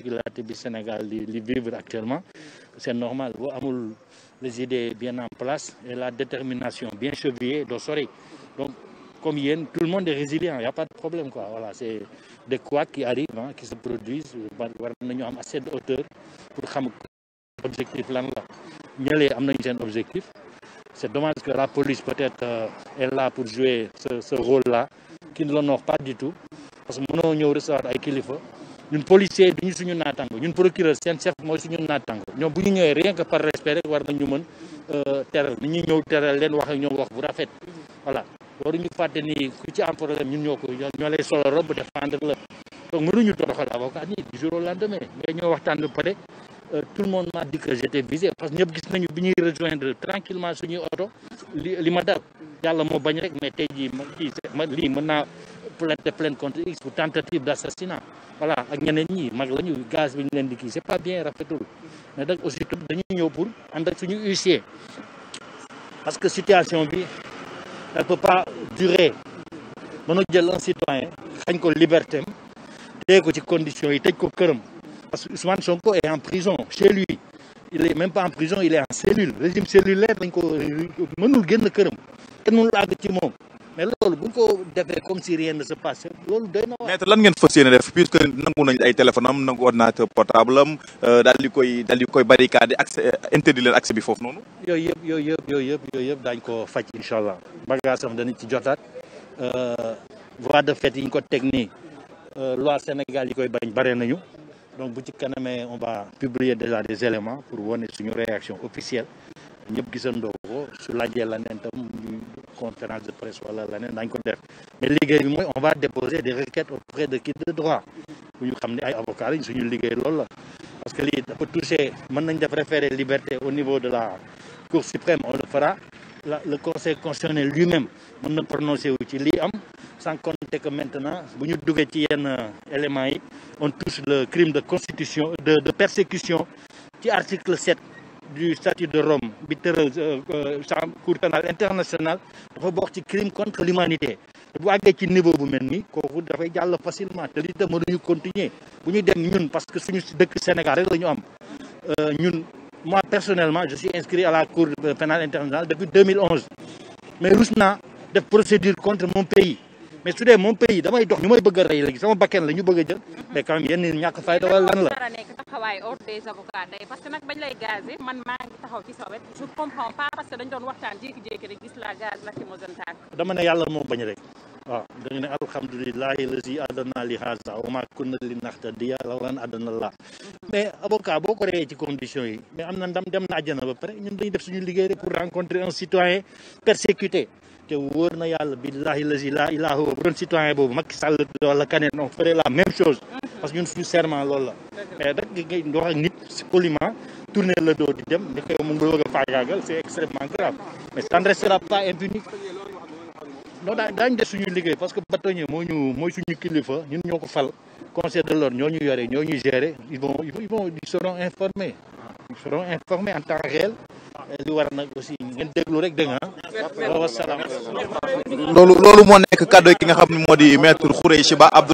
particularité bi Sénégal li li vivre actuellement c'est normal boo amul les idées bien en place et la détermination bien chevillée doo sori donc comme yéen tout le monde est résilient y a pas de problème quoi voilà c'est des couacs qui arrivent qui se produisent war nañu am assez de hauteur pour xam objectif lan la ñëlee am nañu objectif c'est dommage que la police peut-être euh, est là pour jouer ce rôle-là qui ne l'honore pas du tout parce que ñun policier duñu suñu naataango ñun procureur seen chef mooy suñu naataango ñoom bu ñu ñëwee rien que par respect rek war nañu mën euh, teral ni ñuy ñëw teral leen wax ak ñoom wax bu rafet voilà waruñu fàtte ni ku ci am problème ñun ñoo ko ñoo lay solo robe défendre la donc mënuñu toroxal avocat nii du jour au lendemain ñoo waxtaan ba pare euh, tout le monde m'a dit que visé parce que ñëpp gis nañu bi ñuy rejoindre tranquillement suñuy oto li ma dal plainte plainte contre X pour tentative d'assassinat voilà ak ñeneen ñi mag la ñu bi ñu leen di kii c'est pas bien rafetul mais nag aussi tamit dañuy ñëw pour ànd ak suñu huissier parce que situation bi elle peut pas durer mënoo jël un citoyen xañ ko liberté am ko ci conditions yi tëj ko këram parce que Ousmane Sonko est en prison chez il est même pas en prison il est en cellule régime cellulaire mënul génn këram kenn mënul àgg ci moom mais loolu bu ko defee comme si rien ne se passe loolu doy na. maître lan ngeen fas yéene def puisque nangu nañ ay téléphone am nangu ordinateur portable am euh, daal di koy daal di koy accès euh, interdit leen accès bi foofu noonu. yooyu yëpp yooyu yëpp yooyu yëpp yooyu yëpp daañu ko faj incha allah bagage am danañ ci jotaat euh, voie de fait yi ñu ko teg nii loi Sénégal yi koy bañ bare nañu donc bu ci kanamee on va publier déjà des éléments pour wane suñu réaction officielle ñëpp gisandoo ko su laajee la neen tam conférence de presse wala leneen dañ ko mais liggéey bi mooy on va déposer des requêtes auprès de qui de droit bu ñu xam ne ay avocats toucher mën nañ def liberté au niveau de la cour suprême on le fera le conseil constitutionnel lui-même mën na prononcé ci lii am sans compter que maintenant bu ñu duggee ci yenn éléments yi on touche le crime de persécution ci article du statut de Rome bi tëral cour pénal international dafa bokk ci crime contre l'humanité bu àggee ci niveau bu mel nii kooku dafay jàll facilement te lii tam mënuñu continuer bu ñu dem ñun parce que suñu dëkk Sénégal rek la ñu am euh, ñun moi personnellement je suis inscrit à la cour pénale internationale depuis mais rus naa def procédure contre mon pays mais su dee moom pays damay dox ñu may bëgg a rey léegi sama bakken la ñu a jël mais quand même yenn ñàkk fayda wala la dara nekk taxawaay ordre des avocats dama ne yàlla moo bañ rek waaw dañu ne alhamdulilahi lazi adana li haza wa ma kunna li nahtadiya lawlan adana la mais avocat boo ko reyee ci condition yi mais am na ndam dem na àjjana ba pare ñun dañuy def suñu liggéey rek pour rencontrer un citoyen persécuté te wóor na yàlla billahi lazi la ilaha bu doon citoyen boobu Macky Sall wala keneen on ferait la même chose parce que ñun suñu serment loolu la mais eh, rek ngay wax ak nit poliment tourner le dos di dem ni mu ngi bëgg a faagaagal c'est extrêmement grave mais ça ne pas impuni non daa daañu suñu liggéey parce que bâtonnier mooy suñu kilifa ñun ñoo ko fal conseil de l'ordre ñoo ñu yore ñoo ñu gérer ils vont ils vont ils seront informés ils en temps réel eh, li war loolu loolu moo nekk kàddu ki nga xam ne moo di maître Khoureychi Ba Abdou